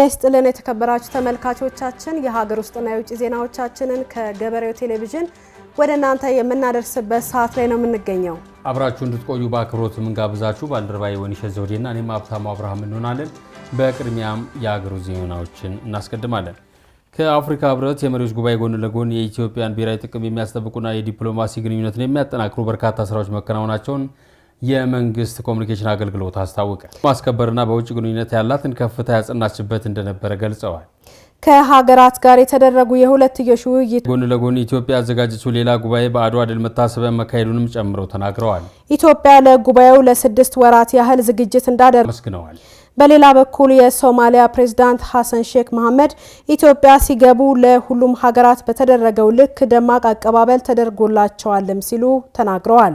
ጤና ይስጥልን የተከበራችሁ ተመልካቾቻችን፣ የሀገር ውስጥና የውጭ ዜናዎቻችንን ከገበሬው ቴሌቪዥን ወደ እናንተ የምናደርስበት ሰዓት ላይ ነው የምንገኘው። አብራችሁ እንድትቆዩ በአክብሮት የምንጋብዛችሁ ባልደረባዬ ወይንሸት ዘውዴና እኔም ሀብታሙ አብርሃም እንሆናለን። በቅድሚያም የሀገሩ ዜናዎችን እናስቀድማለን። ከአፍሪካ ህብረት የመሪዎች ጉባኤ ጎን ለጎን የኢትዮጵያን ብሔራዊ ጥቅም የሚያስጠብቁና የዲፕሎማሲ ግንኙነትን የሚያጠናክሩ በርካታ ስራዎች መከናወናቸውን የመንግስት ኮሚኒኬሽን አገልግሎት አስታወቀ። ማስከበርና በውጭ ግንኙነት ያላትን ከፍታ ያጸናችበት እንደነበረ ገልጸዋል። ከሀገራት ጋር የተደረጉ የሁለትዮሽ ውይይት ጎን ለጎን ኢትዮጵያ ያዘጋጀችው ሌላ ጉባኤ በአድዋ ድል መታሰቢያ መካሄዱንም ጨምረው ተናግረዋል። ኢትዮጵያ ለጉባኤው ለስድስት ወራት ያህል ዝግጅት እንዳደረገች አመስግነዋል። በሌላ በኩል የሶማሊያ ፕሬዝዳንት ሐሰን ሼክ መሐመድ ኢትዮጵያ ሲገቡ ለሁሉም ሀገራት በተደረገው ልክ ደማቅ አቀባበል ተደርጎላቸዋልም ሲሉ ተናግረዋል።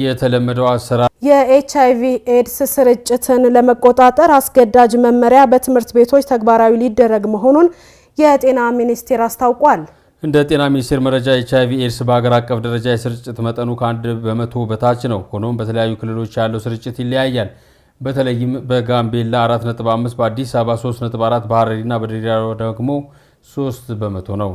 የተለመደው አሰራር የኤች አይቪ ኤድስ ስርጭትን ለመቆጣጠር አስገዳጅ መመሪያ በትምህርት ቤቶች ተግባራዊ ሊደረግ መሆኑን የጤና ሚኒስቴር አስታውቋል። እንደ ጤና ሚኒስቴር መረጃ ኤች አይቪ ኤድስ በሀገር አቀፍ ደረጃ የስርጭት መጠኑ ከአንድ በመቶ በታች ነው። ሆኖም በተለያዩ ክልሎች ያለው ስርጭት ይለያያል። በተለይም በጋምቤላ 4.5፣ በአዲስ አበባ 3.4፣ በሀረሪና በድሬዳዋ ደግሞ 3 በመቶ ነው።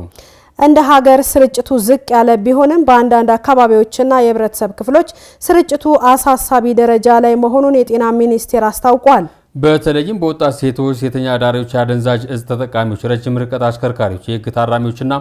እንደ ሀገር ስርጭቱ ዝቅ ያለ ቢሆንም በአንዳንድ አካባቢዎችና የህብረተሰብ ክፍሎች ስርጭቱ አሳሳቢ ደረጃ ላይ መሆኑን የጤና ሚኒስቴር አስታውቋል። በተለይም በወጣት ሴቶች፣ ሴተኛ አዳሪዎች፣ የአደንዛዥ እጽ ተጠቃሚዎች፣ ረጅም ርቀት አሽከርካሪዎች፣ የህግ ታራሚዎችና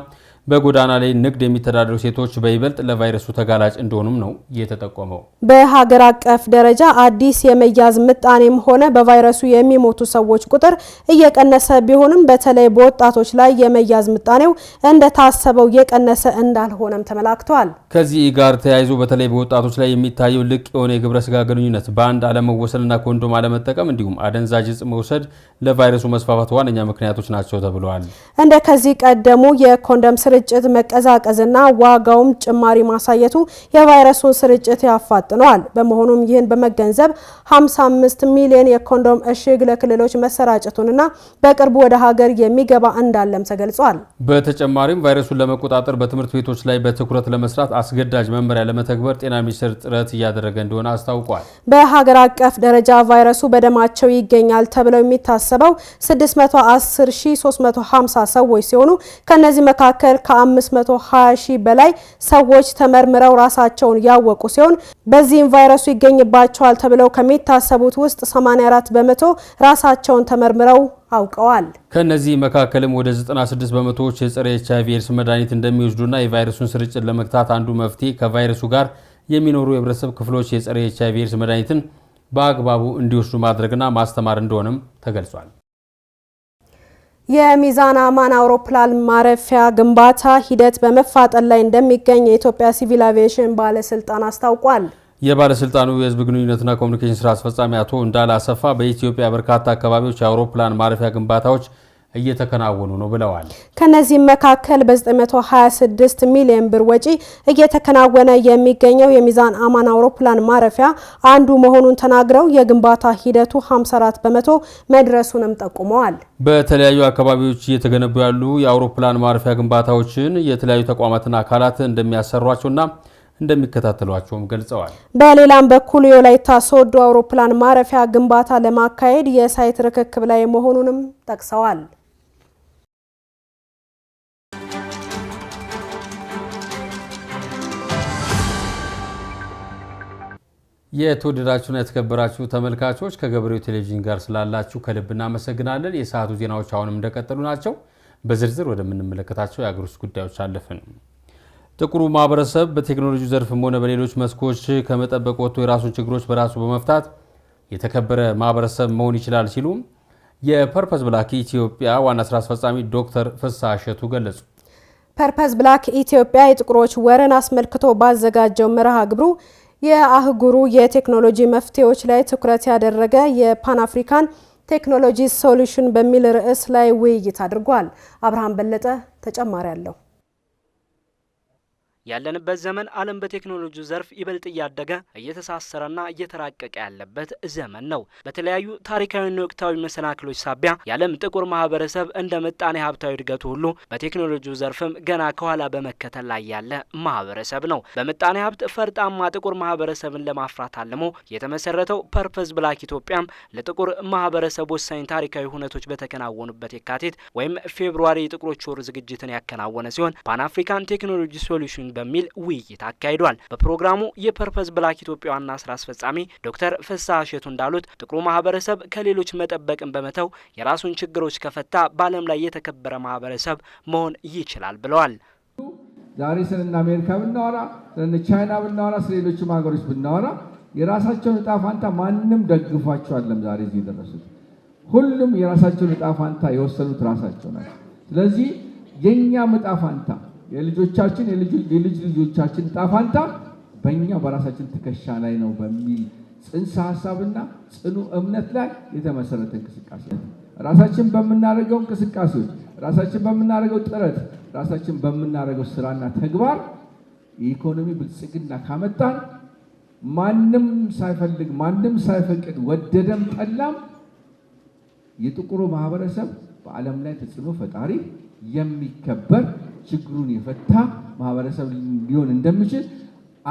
በጎዳና ላይ ንግድ የሚተዳደሩ ሴቶች በይበልጥ ለቫይረሱ ተጋላጭ እንደሆኑም ነው የተጠቆመው። በሀገር አቀፍ ደረጃ አዲስ የመያዝ ምጣኔም ሆነ በቫይረሱ የሚሞቱ ሰዎች ቁጥር እየቀነሰ ቢሆንም በተለይ በወጣቶች ላይ የመያዝ ምጣኔው እንደታሰበው እየቀነሰ እንዳልሆነም ተመላክተዋል። ከዚህ ጋር ተያይዞ በተለይ በወጣቶች ላይ የሚታየው ልቅ የሆነ የግብረ ስጋ ግንኙነት በአንድ አለመወሰንና ኮንዶም አለመጠቀም እንዲሁም አደንዛዥ እጽ መውሰድ ለቫይረሱ መስፋፋት ዋነኛ ምክንያቶች ናቸው ተብለዋል። እንደ ከዚህ ቀደሙ የኮንዶም ስር ስርጭት መቀዛቀዝና ዋጋውም ጭማሪ ማሳየቱ የቫይረሱን ስርጭት ያፋጥነዋል። በመሆኑም ይህን በመገንዘብ 55 ሚሊዮን የኮንዶም እሽግ ለክልሎች መሰራጨቱንና በቅርቡ ወደ ሀገር የሚገባ እንዳለም ተገልጿል። በተጨማሪም ቫይረሱን ለመቆጣጠር በትምህርት ቤቶች ላይ በትኩረት ለመስራት አስገዳጅ መመሪያ ለመተግበር ጤና ሚኒስቴር ጥረት እያደረገ እንደሆነ አስታውቋል። በሀገር አቀፍ ደረጃ ቫይረሱ በደማቸው ይገኛል ተብለው የሚታሰበው 610350 ሰዎች ሲሆኑ ከነዚህ መካከል ከ520 ሺህ በላይ ሰዎች ተመርምረው ራሳቸውን ያወቁ ሲሆን በዚህም ቫይረሱ ይገኝባቸዋል ተብለው ከሚታሰቡት ውስጥ 84 በመቶ ራሳቸውን ተመርምረው አውቀዋል። ከእነዚህ መካከልም ወደ 96 በመቶዎች የጸረ ኤች አይቪ ኤድስ መድኃኒት እንደሚወስዱና የቫይረሱን ስርጭት ለመግታት አንዱ መፍትሄ ከቫይረሱ ጋር የሚኖሩ የህብረተሰብ ክፍሎች የጸረ ኤች አይቪ ኤድስ መድኃኒትን በአግባቡ እንዲወስዱ ማድረግና ማስተማር እንደሆነም ተገልጿል። የሚዛን አማን አውሮፕላን ማረፊያ ግንባታ ሂደት በመፋጠን ላይ እንደሚገኝ የኢትዮጵያ ሲቪል አቪዬሽን ባለስልጣን አስታውቋል። የባለስልጣኑ የህዝብ ግንኙነትና ኮሚኒኬሽን ስራ አስፈጻሚ አቶ እንዳለ አሰፋ በኢትዮጵያ በርካታ አካባቢዎች የአውሮፕላን ማረፊያ ግንባታዎች እየተከናወኑ ነው ብለዋል። ከነዚህም መካከል በ926 ሚሊዮን ብር ወጪ እየተከናወነ የሚገኘው የሚዛን አማን አውሮፕላን ማረፊያ አንዱ መሆኑን ተናግረው የግንባታ ሂደቱ 54 በመቶ መድረሱንም ጠቁመዋል። በተለያዩ አካባቢዎች እየተገነቡ ያሉ የአውሮፕላን ማረፊያ ግንባታዎችን የተለያዩ ተቋማትና አካላት እንደሚያሰሯቸውና እንደሚከታተሏቸውም ገልጸዋል። በሌላም በኩል የወላይታ ሶዶ አውሮፕላን ማረፊያ ግንባታ ለማካሄድ የሳይት ርክክብ ላይ መሆኑንም ጠቅሰዋል። የተወደዳችሁና የተከበራችሁ ተመልካቾች ከገበሬው ቴሌቪዥን ጋር ስላላችሁ ከልብ እናመሰግናለን። የሰዓቱ ዜናዎች አሁንም እንደቀጠሉ ናቸው። በዝርዝር ወደምንመለከታቸው የአገር ውስጥ ጉዳዮች አለፍን። ጥቁሩ ማህበረሰብ በቴክኖሎጂ ዘርፍም ሆነ በሌሎች መስኮች ከመጠበቅ ወጥቶ የራሱን ችግሮች በራሱ በመፍታት የተከበረ ማህበረሰብ መሆን ይችላል ሲሉ የፐርፐስ ብላክ ኢትዮጵያ ዋና ስራ አስፈጻሚ ዶክተር ፍስሐ እሸቱ ገለጹ። ፐርፐስ ብላክ ኢትዮጵያ የጥቁሮች ወርን አስመልክቶ ባዘጋጀው መርሃ ግብሩ የአህጉሩ የቴክኖሎጂ መፍትሄዎች ላይ ትኩረት ያደረገ የፓን አፍሪካን ቴክኖሎጂ ሶሉሽን በሚል ርዕስ ላይ ውይይት አድርጓል። አብርሃም በለጠ ተጨማሪ አለው። ያለንበት ዘመን ዓለም በቴክኖሎጂ ዘርፍ ይበልጥ እያደገ እየተሳሰረና እየተራቀቀ ያለበት ዘመን ነው። በተለያዩ ታሪካዊና ወቅታዊ መሰናክሎች ሳቢያ የዓለም ጥቁር ማህበረሰብ እንደ ምጣኔ ሀብታዊ እድገቱ ሁሉ በቴክኖሎጂ ዘርፍም ገና ከኋላ በመከተል ላይ ያለ ማህበረሰብ ነው። በምጣኔ ሀብት ፈርጣማ ጥቁር ማህበረሰብን ለማፍራት አልሞ የተመሰረተው ፐርፐዝ ብላክ ኢትዮጵያም ለጥቁር ማህበረሰብ ወሳኝ ታሪካዊ ሁነቶች በተከናወኑበት የካቲት ወይም ፌብሩዋሪ የጥቁሮች ወር ዝግጅትን ያከናወነ ሲሆን ፓን አፍሪካን ቴክኖሎጂ ሶሉሽን በሚል ውይይት አካሂዷል። በፕሮግራሙ የፐርፐዝ ብላክ ኢትዮጵያ ዋና ስራ አስፈጻሚ ዶክተር ፍስሐ እሸቱ እንዳሉት ጥቁሩ ማህበረሰብ ከሌሎች መጠበቅን በመተው የራሱን ችግሮች ከፈታ በዓለም ላይ የተከበረ ማህበረሰብ መሆን ይችላል ብለዋል። ዛሬ ስለነ አሜሪካ ብናወራ፣ ስለ ቻይና ብናወራ፣ ስለሌሎችም ሀገሮች ብናወራ የራሳቸውን እጣ ፋንታ ማንም ደግፏቸው አለም ዛሬ እዚህ የደረሱት ሁሉም የራሳቸውን እጣ ፋንታ የወሰኑት ራሳቸው ናቸው። ስለዚህ የእኛም እጣ ፋንታ የልጆቻችን የልጅ ልጆቻችን ጣፋንታ በእኛ በራሳችን ትከሻ ላይ ነው በሚል ጽንሰ ሀሳብና ጽኑ እምነት ላይ የተመሰረተ እንቅስቃሴ ራሳችን በምናደርገው እንቅስቃሴዎች ራሳችን በምናደርገው ጥረት ራሳችን በምናደርገው ስራና ተግባር የኢኮኖሚ ብልጽግና ካመጣን ማንም ሳይፈልግ ማንም ሳይፈቅድ ወደደም ጠላም የጥቁሩ ማህበረሰብ በዓለም ላይ ተጽዕኖ ፈጣሪ የሚከበር ችግሩን የፈታ ማህበረሰብ ሊሆን እንደሚችል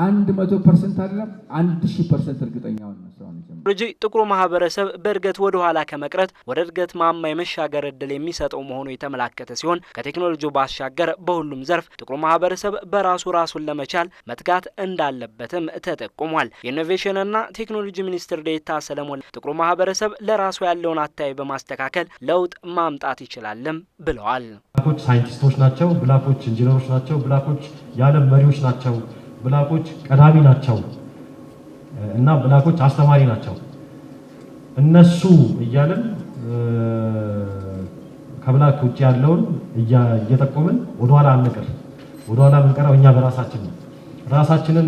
አንድ መቶ ፐርሰንት አይደለም አንድ ሺህ ፐርሰንት እርግጠኛ ጥቁሩ ማህበረሰብ በእድገት ወደ ኋላ ከመቅረት ወደ እድገት ማማ የመሻገር እድል የሚሰጠው መሆኑ የተመላከተ ሲሆን ከቴክኖሎጂ ባሻገር በሁሉም ዘርፍ ጥቁሩ ማህበረሰብ በራሱ ራሱን ለመቻል መትጋት እንዳለበትም ተጠቁሟል። የኢኖቬሽንና ቴክኖሎጂ ሚኒስትር ዴታ ሰለሞን ጥቁሩ ማህበረሰብ ለራሱ ያለውን አታይ በማስተካከል ለውጥ ማምጣት ይችላልም ብለዋል። ብላኮች ሳይንቲስቶች ናቸው፣ ብላኮች ኢንጂነሮች ናቸው፣ ብላኮች የዓለም መሪዎች ናቸው፣ ብላኮች ቀዳሚ ናቸው እና ብላኮች አስተማሪ ናቸው። እነሱ እያልን ከብላክ ውጭ ያለውን እየጠቆምን ወደኋላ አንቀር። ወደኋላ የምንቀረው እኛ በራሳችን ነው። ራሳችንን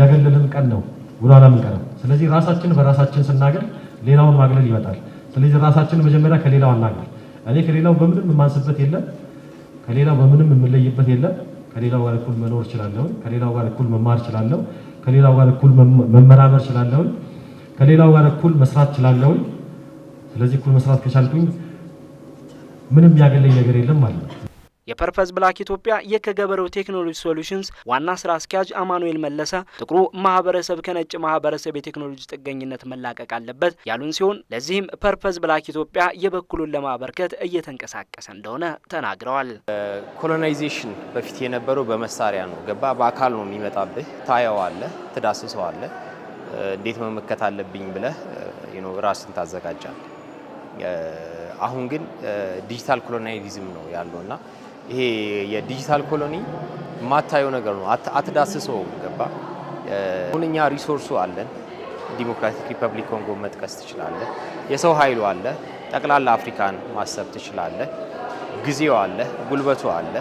ያገለልን ቀን ነው ወደኋላ የምንቀረው። ስለዚህ ራሳችን በራሳችን ስናገር ሌላውን ማግለል ይመጣል። ስለዚህ ራሳችን መጀመሪያ ከሌላው አናገር። እኔ ከሌላው በምንም የማንስበት የለም። ከሌላው በምንም የምለይበት የለም። ከሌላው ጋር እኩል መኖር እችላለሁ። ከሌላው ጋር እኩል መማር እችላለሁ። ከሌላው ጋር እኩል መመራመር እችላለሁ፣ ከሌላው ጋር እኩል መስራት እችላለሁ። ስለዚህ እኩል መስራት ከቻልኩኝ ምንም ያገለኝ ነገር የለም ማለት ነው። የፐርፐዝ ብላክ ኢትዮጵያ የከገበረው ቴክኖሎጂ ሶሉሽንስ ዋና ስራ አስኪያጅ አማኑኤል መለሰ ጥቁሩ ማህበረሰብ ከነጭ ማህበረሰብ የቴክኖሎጂ ጥገኝነት መላቀቅ አለበት ያሉን ሲሆን ለዚህም ፐርፐዝ ብላክ ኢትዮጵያ የበኩሉን ለማበርከት እየተንቀሳቀሰ እንደሆነ ተናግረዋል። ኮሎናይዜሽን በፊት የነበረው በመሳሪያ ነው። ገባ በአካል ነው የሚመጣብህ። ታየዋለህ፣ ትዳስሰዋለህ። እንዴት መመከት አለብኝ ብለህ ራስን ታዘጋጃል። አሁን ግን ዲጂታል ኮሎናይዝም ነው ያለውና ይሄ የዲጂታል ኮሎኒ የማታየው ነገር ነው፣ አትዳስሰው። ገባ አሁን እኛ ሪሶርሱ አለን። ዲሞክራቲክ ሪፐብሊክ ኮንጎ መጥቀስ ትችላለ የሰው ኃይሉ አለ። ጠቅላላ አፍሪካን ማሰብ ትችላለ ጊዜው አለ፣ ጉልበቱ አለ።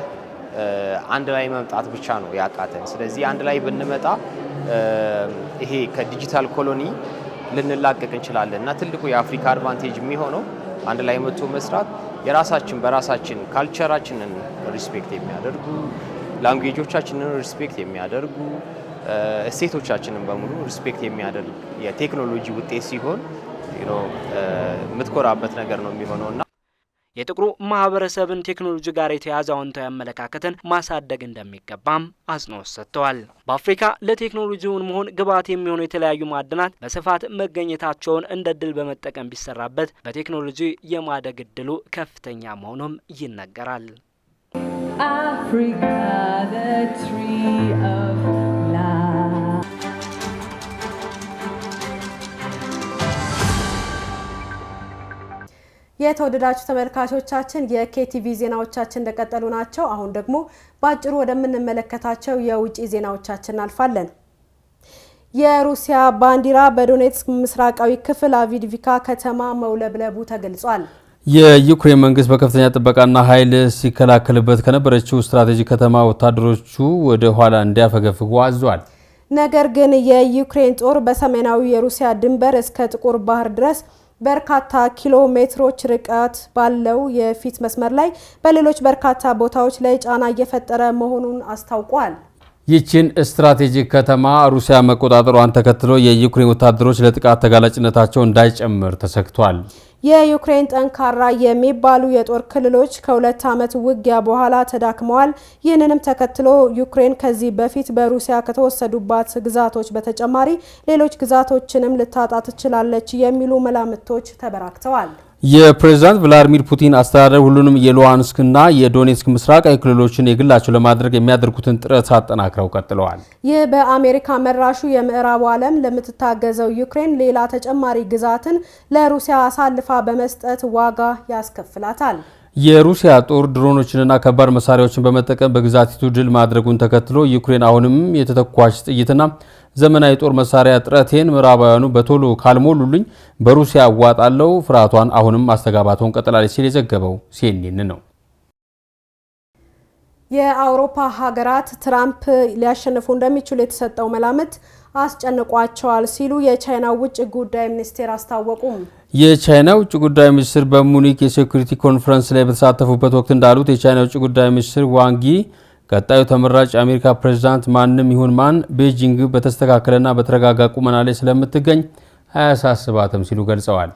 አንድ ላይ መምጣት ብቻ ነው ያቃተን። ስለዚህ አንድ ላይ ብንመጣ ይሄ ከዲጂታል ኮሎኒ ልንላቀቅ እንችላለን እና ትልቁ የአፍሪካ አድቫንቴጅ የሚሆነው አንድ ላይ መጥቶ መስራት የራሳችን በራሳችን ካልቸራችንን ሪስፔክት የሚያደርጉ ላንጉጆቻችንን ሪስፔክት የሚያደርጉ እሴቶቻችንን በሙሉ ሪስፔክት የሚያደርግ የቴክኖሎጂ ውጤት ሲሆን የምትኮራበት ነገር ነው የሚሆነውና የጥቁሩ ማህበረሰብን ቴክኖሎጂ ጋር የተያዘ አዎንታዊ አመለካከትን ማሳደግ እንደሚገባም አጽንኦት ሰጥተዋል። በአፍሪካ ለቴክኖሎጂውን መሆን ግብዓት የሚሆኑ የተለያዩ ማዕድናት በስፋት መገኘታቸውን እንደ ድል በመጠቀም ቢሰራበት በቴክኖሎጂ የማደግ እድሉ ከፍተኛ መሆኑም ይነገራል። Africa, the tree of የተወደዳችሁ ተመልካቾቻችን የኬቲቪ ዜናዎቻችን እንደቀጠሉ ናቸው። አሁን ደግሞ በአጭሩ ወደምንመለከታቸው የውጭ ዜናዎቻችን እናልፋለን። የሩሲያ ባንዲራ በዶኔትስክ ምስራቃዊ ክፍል አቪድቪካ ከተማ መውለብለቡ ተገልጿል። የዩክሬን መንግስት በከፍተኛ ጥበቃና ኃይል ሲከላከልበት ከነበረችው ስትራቴጂ ከተማ ወታደሮቹ ወደ ኋላ እንዲያፈገፍጉ አዟል። ነገር ግን የዩክሬን ጦር በሰሜናዊ የሩሲያ ድንበር እስከ ጥቁር ባህር ድረስ በርካታ ኪሎ ሜትሮች ርቀት ባለው የፊት መስመር ላይ በሌሎች በርካታ ቦታዎች ላይ ጫና እየፈጠረ መሆኑን አስታውቋል። ይችን ስትራቴጂክ ከተማ ሩሲያ መቆጣጠሯን ተከትሎ የዩክሬን ወታደሮች ለጥቃት ተጋላጭነታቸው እንዳይጨምር ተሰግቷል። የዩክሬን ጠንካራ የሚባሉ የጦር ክልሎች ከሁለት ዓመት ውጊያ በኋላ ተዳክመዋል። ይህንንም ተከትሎ ዩክሬን ከዚህ በፊት በሩሲያ ከተወሰዱባት ግዛቶች በተጨማሪ ሌሎች ግዛቶችንም ልታጣ ትችላለች የሚሉ መላምቶች ተበራክተዋል። የፕሬዝዳንት ቭላዲሚር ፑቲን አስተዳደር ሁሉንም የሉሃንስክና የዶኔትስክ ምስራቃዊ ክልሎችን የግላቸው ለማድረግ የሚያደርጉትን ጥረት አጠናክረው ቀጥለዋል። ይህ በአሜሪካ መራሹ የምዕራቡ ዓለም ለምትታገዘው ዩክሬን ሌላ ተጨማሪ ግዛትን ለሩሲያ አሳልፋ በመስጠት ዋጋ ያስከፍላታል። የሩሲያ ጦር ድሮኖችንና ከባድ መሳሪያዎችን በመጠቀም በግዛቲቱ ድል ማድረጉን ተከትሎ ዩክሬን አሁንም የተተኳሽ ጥይትና ዘመናዊ ጦር መሳሪያ ጥረቴን ምዕራባውያኑ በቶሎ ካልሞሉልኝ በሩሲያ አዋጣለው ፍርሃቷን አሁንም ማስተጋባቷን ቀጥላለች ሲል የዘገበው ሲኤንኤን ነው። የአውሮፓ ሀገራት ትራምፕ ሊያሸንፉ እንደሚችሉ የተሰጠው መላምት አስጨንቋቸዋል ሲሉ የቻይና ውጭ ጉዳይ ሚኒስቴር አስታወቁም። የቻይና ውጭ ጉዳይ ሚኒስትር በሙኒክ የሴኩሪቲ ኮንፈረንስ ላይ በተሳተፉበት ወቅት እንዳሉት የቻይና ውጭ ጉዳይ ሚኒስትር ዋንጊ ቀጣዩ ተመራጭ የአሜሪካ ፕሬዝዳንት ማንም ይሁን ማን ቤጂንግ በተስተካከለና በተረጋጋ ቁመና ላይ ስለምትገኝ አያሳስባትም ሲሉ ገልጸዋል።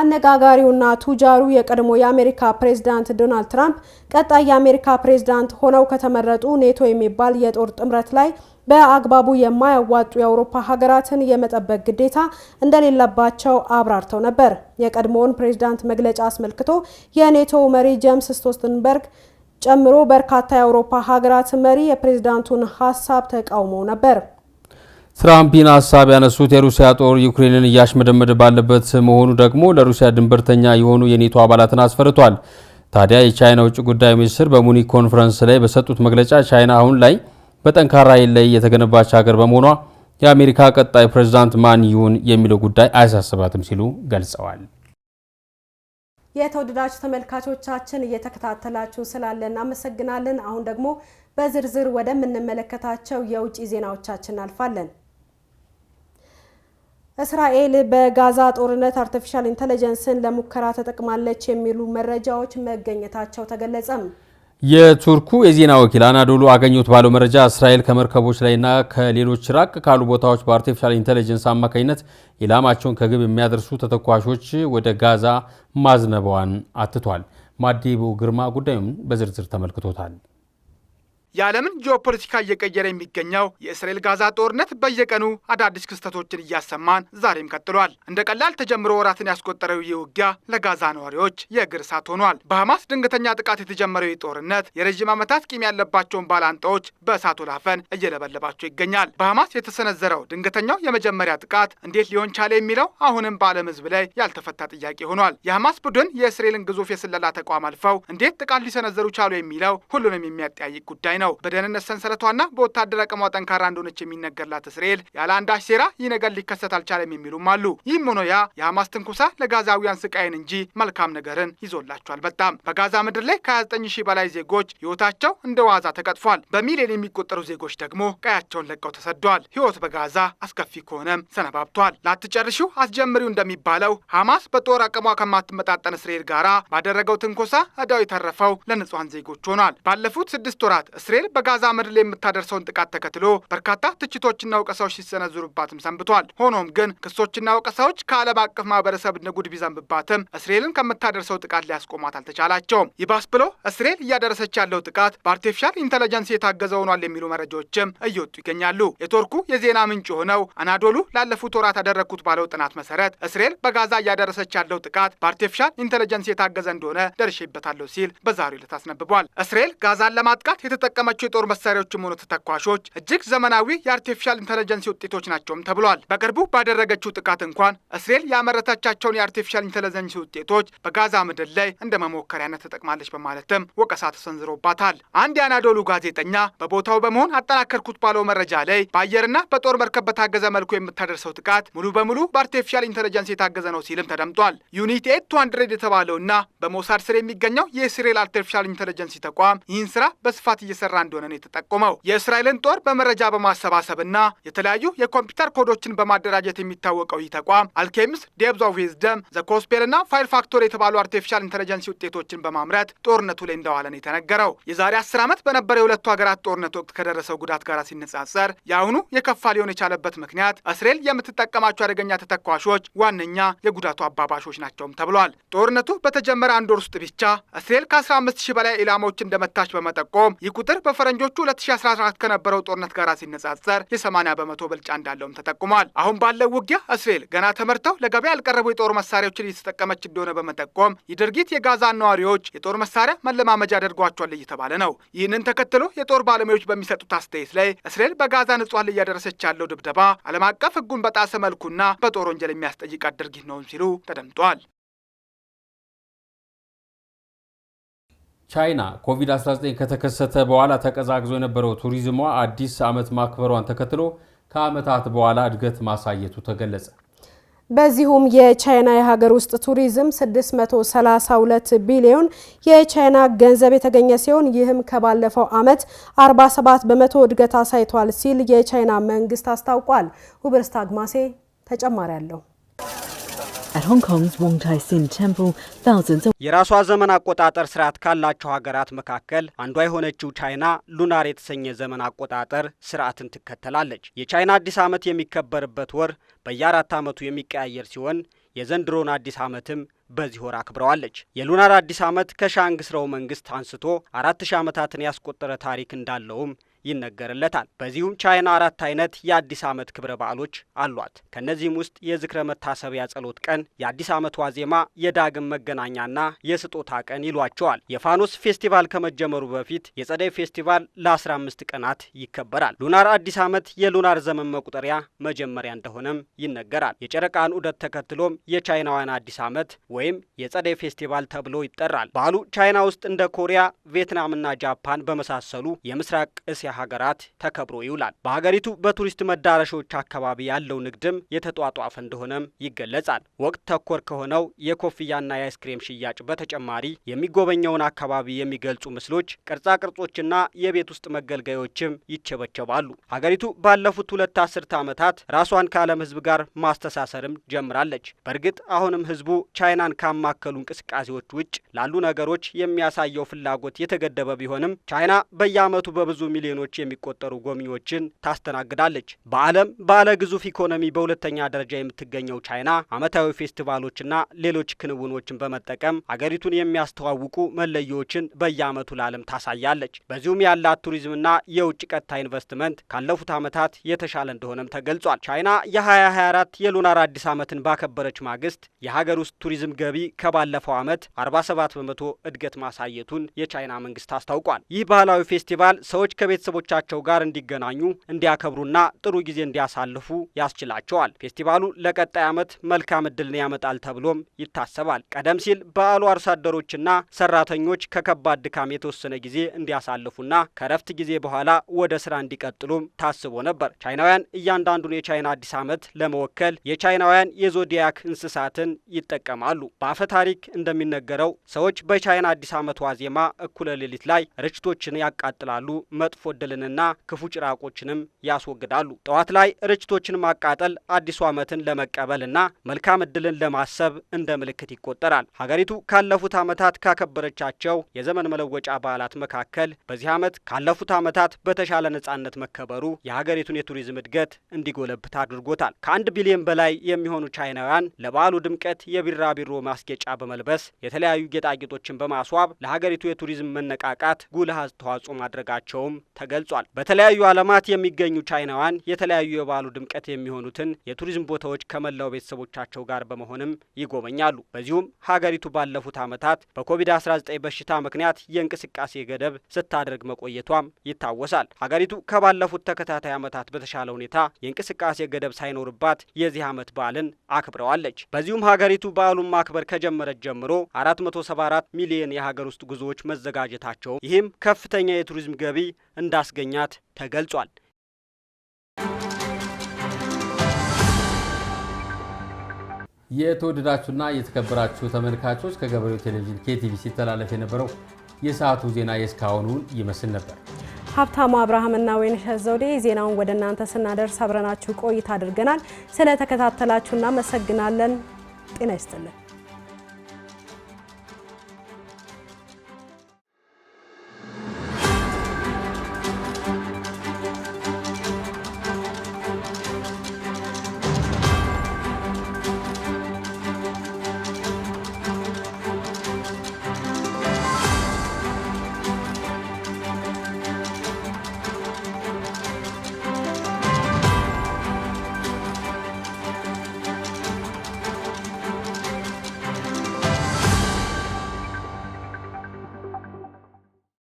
አነጋጋሪውና ቱጃሩ የቀድሞ የአሜሪካ ፕሬዝዳንት ዶናልድ ትራምፕ ቀጣይ የአሜሪካ ፕሬዝዳንት ሆነው ከተመረጡ ኔቶ የሚባል የጦር ጥምረት ላይ በአግባቡ የማያዋጡ የአውሮፓ ሀገራትን የመጠበቅ ግዴታ እንደሌለባቸው አብራርተው ነበር። የቀድሞውን ፕሬዝዳንት መግለጫ አስመልክቶ የኔቶ መሪ ጀምስ ስቶልተንበርግ ጨምሮ በርካታ የአውሮፓ ሀገራት መሪ የፕሬዝዳንቱን ሀሳብ ተቃውመው ነበር። ትራምፒን ሀሳብ ያነሱት የሩሲያ ጦር ዩክሬንን እያሽመደመደ ባለበት መሆኑ ደግሞ ለሩሲያ ድንበርተኛ የሆኑ የኔቶ አባላትን አስፈርቷል። ታዲያ የቻይና ውጭ ጉዳይ ሚኒስትር በሙኒክ ኮንፈረንስ ላይ በሰጡት መግለጫ ቻይና አሁን ላይ በጠንካራ ኃይል ላይ የተገነባች ሀገር በመሆኗ የአሜሪካ ቀጣይ ፕሬዝዳንት ማን ይሁን የሚለው ጉዳይ አያሳስባትም ሲሉ ገልጸዋል። የተወደዳችሁ ተመልካቾቻችን እየተከታተላችሁን ስላለ እናመሰግናለን። አሁን ደግሞ በዝርዝር ወደምንመለከታቸው የውጭ ዜናዎቻችን እናልፋለን። እስራኤል በጋዛ ጦርነት አርቲፊሻል ኢንተለጀንስን ለሙከራ ተጠቅማለች የሚሉ መረጃዎች መገኘታቸው ተገለጸም። የቱርኩ የዜና ወኪል አናዶሉ አገኙት ባለው መረጃ እስራኤል ከመርከቦች ላይና ከሌሎች ራቅ ካሉ ቦታዎች በአርቲፊሻል ኢንቴሊጀንስ አማካኝነት ኢላማቸውን ከግብ የሚያደርሱ ተተኳሾች ወደ ጋዛ ማዝነበዋን አትቷል። ማዲቡ ግርማ ጉዳዩን በዝርዝር ተመልክቶታል። የዓለምን ጂኦፖለቲካ እየቀየረ የሚገኘው የእስራኤል ጋዛ ጦርነት በየቀኑ አዳዲስ ክስተቶችን እያሰማን ዛሬም ቀጥሏል። እንደ ቀላል ተጀምሮ ወራትን ያስቆጠረው ይህ ውጊያ ለጋዛ ነዋሪዎች የእግር እሳት ሆኗል። በሐማስ ድንገተኛ ጥቃት የተጀመረው ይህ ጦርነት የረዥም ዓመታት ቂም ያለባቸውን ባላንጣዎች በእሳቱ ላፈን እየለበለባቸው ይገኛል። በሐማስ የተሰነዘረው ድንገተኛው የመጀመሪያ ጥቃት እንዴት ሊሆን ቻለ የሚለው አሁንም በዓለም ሕዝብ ላይ ያልተፈታ ጥያቄ ሆኗል። የሐማስ ቡድን የእስራኤልን ግዙፍ የስለላ ተቋም አልፈው እንዴት ጥቃት ሊሰነዘሩ ቻሉ የሚለው ሁሉንም የሚያጠያይቅ ጉዳይ ነው። ነው። በደህንነት ሰንሰለቷና በወታደር አቅሟ ጠንካራ እንደሆነች የሚነገርላት እስራኤል ያለ አንዳች ሴራ ይህ ነገር ሊከሰት አልቻለም የሚሉም አሉ። ይህም ሆኖ ያ የሐማስ ትንኩሳ ለጋዛውያን ስቃይን እንጂ መልካም ነገርን ይዞላቸዋል በጣም በጋዛ ምድር ላይ ከ29 ሺህ በላይ ዜጎች ህይወታቸው እንደ ዋዛ ተቀጥፏል። በሚሊዮን የሚቆጠሩ ዜጎች ደግሞ ቀያቸውን ለቀው ተሰደዋል። ህይወት በጋዛ አስከፊ ከሆነም ሰነባብቷል። ላትጨርሺው አስጀምሪው እንደሚባለው ሐማስ በጦር አቅሟ ከማትመጣጠን እስራኤል ጋራ ባደረገው ትንኮሳ እዳው የተረፈው ለንጹሐን ዜጎች ሆኗል። ባለፉት ስድስት ወራት እስራኤል በጋዛ ምድር ላይ የምታደርሰውን ጥቃት ተከትሎ በርካታ ትችቶችና ወቀሳዎች ሲሰነዝሩባትም ሰንብቷል። ሆኖም ግን ክሶችና ወቀሳዎች ከዓለም አቀፍ ማህበረሰብ ንጉድ ቢዘንብባትም እስራኤልን ከምታደርሰው ጥቃት ሊያስቆማት አልተቻላቸውም። ይባስ ብሎ እስራኤል እያደረሰች ያለው ጥቃት በአርቲፊሻል ኢንተለጀንስ የታገዘ ሆኗል የሚሉ መረጃዎችም እየወጡ ይገኛሉ። የቱርኩ የዜና ምንጭ የሆነው አናዶሉ ላለፉት ወራት ያደረግኩት ባለው ጥናት መሰረት እስራኤል በጋዛ እያደረሰች ያለው ጥቃት በአርቲፊሻል ኢንተለጀንስ የታገዘ እንደሆነ ደርሼበታለሁ ሲል በዛሬው ዕለት አስነብቧል። እስራኤል ጋዛን ለማጥቃት የተጠ የሚጠቀማቸው የጦር መሳሪያዎችም ሆኑ ተተኳሾች እጅግ ዘመናዊ የአርቲፊሻል ኢንተለጀንስ ውጤቶች ናቸውም ተብሏል። በቅርቡ ባደረገችው ጥቃት እንኳን እስራኤል ያመረታቻቸውን የአርቲፊሻል ኢንተለጀንስ ውጤቶች በጋዛ ምድር ላይ እንደ መሞከሪያነት ተጠቅማለች በማለትም ወቀሳ ተሰንዝሮባታል። አንድ የአናዶሉ ጋዜጠኛ በቦታው በመሆን አጠናከርኩት ባለው መረጃ ላይ በአየርና በጦር መርከብ በታገዘ መልኩ የምታደርሰው ጥቃት ሙሉ በሙሉ በአርቲፊሻል ኢንተለጀንስ የታገዘ ነው ሲልም ተደምጧል። ዩኒት ኤት ቱ ሀንድሬድ የተባለውና በሞሳድ ስር የሚገኘው የእስራኤል አርቲፊሻል ኢንተለጀንስ ተቋም ይህን ስራ በስፋት እየሰራ እየተሰራ እንደሆነ ነው የተጠቆመው። የእስራኤልን ጦር በመረጃ በማሰባሰብና የተለያዩ የኮምፒውተር ኮዶችን በማደራጀት የሚታወቀው ይህ ተቋም አልኬሚስ፣ ዴብዝ ኦፍ ዊዝደም፣ ዘኮስፔልና ፋይር ፋክቶር የተባሉ አርቲፊሻል ኢንተለጀንሲ ውጤቶችን በማምረት ጦርነቱ ላይ እንደዋለ ነው የተነገረው። የዛሬ አስር ዓመት በነበረው የሁለቱ ሀገራት ጦርነት ወቅት ከደረሰው ጉዳት ጋር ሲነጻጸር የአሁኑ የከፋ ሊሆን የቻለበት ምክንያት እስራኤል የምትጠቀማቸው አደገኛ ተተኳሾች ዋነኛ የጉዳቱ አባባሾች ናቸውም ተብሏል። ጦርነቱ በተጀመረ አንድ ወር ውስጥ ብቻ እስራኤል ከ15 ሺህ በላይ ኢላማዎች እንደመታች በመጠቆም ይህ ቁጥር ቁጥር በፈረንጆቹ 2014 ከነበረው ጦርነት ጋር ሲነጻጸር የ80 በመቶ ብልጫ እንዳለውም ተጠቁሟል። አሁን ባለው ውጊያ እስራኤል ገና ተመርተው ለገበያ ያልቀረቡ የጦር መሳሪያዎችን እየተጠቀመች እንደሆነ በመጠቆም የድርጊት የጋዛ ነዋሪዎች የጦር መሳሪያ መለማመጃ አድርጓቸዋል እየተባለ ነው። ይህንን ተከትሎ የጦር ባለሙያዎች በሚሰጡት አስተያየት ላይ እስራኤል በጋዛ ንጹሐን ላይ እያደረሰች ያለው ድብደባ ዓለም አቀፍ ሕጉን በጣሰ መልኩና በጦር ወንጀል የሚያስጠይቃት ድርጊት ነው ሲሉ ተደምጧል። ቻይና ኮቪድ-19 ከተከሰተ በኋላ ተቀዛቅዞ የነበረው ቱሪዝሟ አዲስ ዓመት ማክበሯን ተከትሎ ከዓመታት በኋላ እድገት ማሳየቱ ተገለጸ። በዚሁም የቻይና የሀገር ውስጥ ቱሪዝም 632 ቢሊዮን የቻይና ገንዘብ የተገኘ ሲሆን ይህም ከባለፈው ዓመት 47 በመቶ እድገት አሳይቷል ሲል የቻይና መንግስት አስታውቋል። ሁበርስታግ ማሴ ተጨማሪ አለው። የራሷ ዘመን አቆጣጠር ስርዓት ካላቸው ሀገራት መካከል አንዷ የሆነችው ቻይና ሉናር የተሰኘ ዘመን አቆጣጠር ስርዓትን ትከተላለች። የቻይና አዲስ ዓመት የሚከበርበት ወር በየአራት ዓመቱ የሚቀያየር ሲሆን የዘንድሮን አዲስ ዓመትም በዚህ ወር አክብረዋለች። የሉናር አዲስ ዓመት ከሻንግ ስርወ መንግስት አንስቶ አራት ሺህ ዓመታትን ያስቆጠረ ታሪክ እንዳለውም ይነገርለታል። በዚሁም ቻይና አራት አይነት የአዲስ ዓመት ክብረ በዓሎች አሏት። ከእነዚህም ውስጥ የዝክረ መታሰቢያ ጸሎት ቀን፣ የአዲስ ዓመት ዋዜማ፣ የዳግም መገናኛና የስጦታ ቀን ይሏቸዋል። የፋኖስ ፌስቲቫል ከመጀመሩ በፊት የጸደይ ፌስቲቫል ለ15 ቀናት ይከበራል። ሉናር አዲስ ዓመት የሉናር ዘመን መቁጠሪያ መጀመሪያ እንደሆነም ይነገራል። የጨረቃን ዑደት ተከትሎም የቻይናውያን አዲስ ዓመት ወይም የጸደይ ፌስቲቫል ተብሎ ይጠራል። በዓሉ ቻይና ውስጥ እንደ ኮሪያ፣ ቪየትናምና ጃፓን በመሳሰሉ የምስራቅ እስያ ሀገራት ተከብሮ ይውላል። በሀገሪቱ በቱሪስት መዳረሻዎች አካባቢ ያለው ንግድም የተጧጧፈ እንደሆነም ይገለጻል። ወቅት ተኮር ከሆነው የኮፍያና የአይስክሬም ሽያጭ በተጨማሪ የሚጎበኘውን አካባቢ የሚገልጹ ምስሎች፣ ቅርጻ ቅርጾችና የቤት ውስጥ መገልገያዎችም ይቸበቸባሉ። ሀገሪቱ ባለፉት ሁለት አስርተ ዓመታት ራሷን ከዓለም ህዝብ ጋር ማስተሳሰርም ጀምራለች። በእርግጥ አሁንም ሕዝቡ ቻይናን ካማከሉ እንቅስቃሴዎች ውጭ ላሉ ነገሮች የሚያሳየው ፍላጎት የተገደበ ቢሆንም ቻይና በየዓመቱ በብዙ ሚሊዮኖች በሺዎች የሚቆጠሩ ጎብኚዎችን ታስተናግዳለች። በዓለም ባለ ግዙፍ ኢኮኖሚ በሁለተኛ ደረጃ የምትገኘው ቻይና ዓመታዊ ፌስቲቫሎችና ሌሎች ክንውኖችን በመጠቀም አገሪቱን የሚያስተዋውቁ መለያዎችን በየዓመቱ ለዓለም ታሳያለች። በዚሁም ያላት ቱሪዝምና የውጭ ቀጥታ ኢንቨስትመንት ካለፉት ዓመታት የተሻለ እንደሆነም ተገልጿል። ቻይና የ2024 የሉናር አዲስ ዓመትን ባከበረች ማግስት የሀገር ውስጥ ቱሪዝም ገቢ ከባለፈው ዓመት 47 በመቶ እድገት ማሳየቱን የቻይና መንግስት አስታውቋል። ይህ ባህላዊ ፌስቲቫል ሰዎች ከቤተሰ ከቤተሰቦቻቸው ጋር እንዲገናኙ እንዲያከብሩና ጥሩ ጊዜ እንዲያሳልፉ ያስችላቸዋል። ፌስቲቫሉ ለቀጣይ ዓመት መልካም እድልን ያመጣል ተብሎም ይታሰባል። ቀደም ሲል በዓሉ አርሶ አደሮችና ሰራተኞች ከከባድ ድካም የተወሰነ ጊዜ እንዲያሳልፉና ከረፍት ጊዜ በኋላ ወደ ስራ እንዲቀጥሉም ታስቦ ነበር። ቻይናውያን እያንዳንዱን የቻይና አዲስ ዓመት ለመወከል የቻይናውያን የዞዲያክ እንስሳትን ይጠቀማሉ። በአፈ ታሪክ እንደሚነገረው ሰዎች በቻይና አዲስ ዓመት ዋዜማ እኩለ ሌሊት ላይ ርችቶችን ያቃጥላሉ፣ መጥፎ ጎደልንና ክፉ ጭራቆችንም ያስወግዳሉ። ጠዋት ላይ ርችቶችን ማቃጠል አዲሱ ዓመትን ለመቀበልና መልካም እድልን ለማሰብ እንደ ምልክት ይቆጠራል። ሀገሪቱ ካለፉት ዓመታት ካከበረቻቸው የዘመን መለወጫ በዓላት መካከል በዚህ ዓመት ካለፉት ዓመታት በተሻለ ነጻነት መከበሩ የሀገሪቱን የቱሪዝም እድገት እንዲጎለብት አድርጎታል። ከአንድ ቢሊዮን በላይ የሚሆኑ ቻይናውያን ለበዓሉ ድምቀት የቢራቢሮ ማስጌጫ በመልበስ የተለያዩ ጌጣጌጦችን በማስዋብ ለሀገሪቱ የቱሪዝም መነቃቃት ጉልህ አስተዋጽኦ ማድረጋቸውም ተገልጿል። በተለያዩ ዓለማት የሚገኙ ቻይናውያን የተለያዩ የበዓሉ ድምቀት የሚሆኑትን የቱሪዝም ቦታዎች ከመላው ቤተሰቦቻቸው ጋር በመሆንም ይጎበኛሉ። በዚሁም ሀገሪቱ ባለፉት ዓመታት በኮቪድ-19 በሽታ ምክንያት የእንቅስቃሴ ገደብ ስታደርግ መቆየቷም ይታወሳል። ሀገሪቱ ከባለፉት ተከታታይ ዓመታት በተሻለ ሁኔታ የእንቅስቃሴ ገደብ ሳይኖርባት የዚህ ዓመት በዓልን አክብረዋለች። በዚሁም ሀገሪቱ በዓሉን ማክበር ከጀመረች ጀምሮ 474 ሚሊዮን የሀገር ውስጥ ጉዞዎች መዘጋጀታቸው ይህም ከፍተኛ የቱሪዝም ገቢ እንዳስገኛት ተገልጿል። የተወደዳችሁና የተከበራችሁ ተመልካቾች ከገበሬው ቴሌቪዥን ኬቲቪ ሲተላለፍ የነበረው የሰዓቱ ዜና የእስካሁኑን ይመስል ነበር። ሀብታሙ አብርሃምና ወይንሸት ዘውዴ ዜናውን ወደ እናንተ ስናደርስ አብረናችሁ ቆይታ አድርገናል። ስለተከታተላችሁ እናመሰግናለን። ጤና ይስጥልን።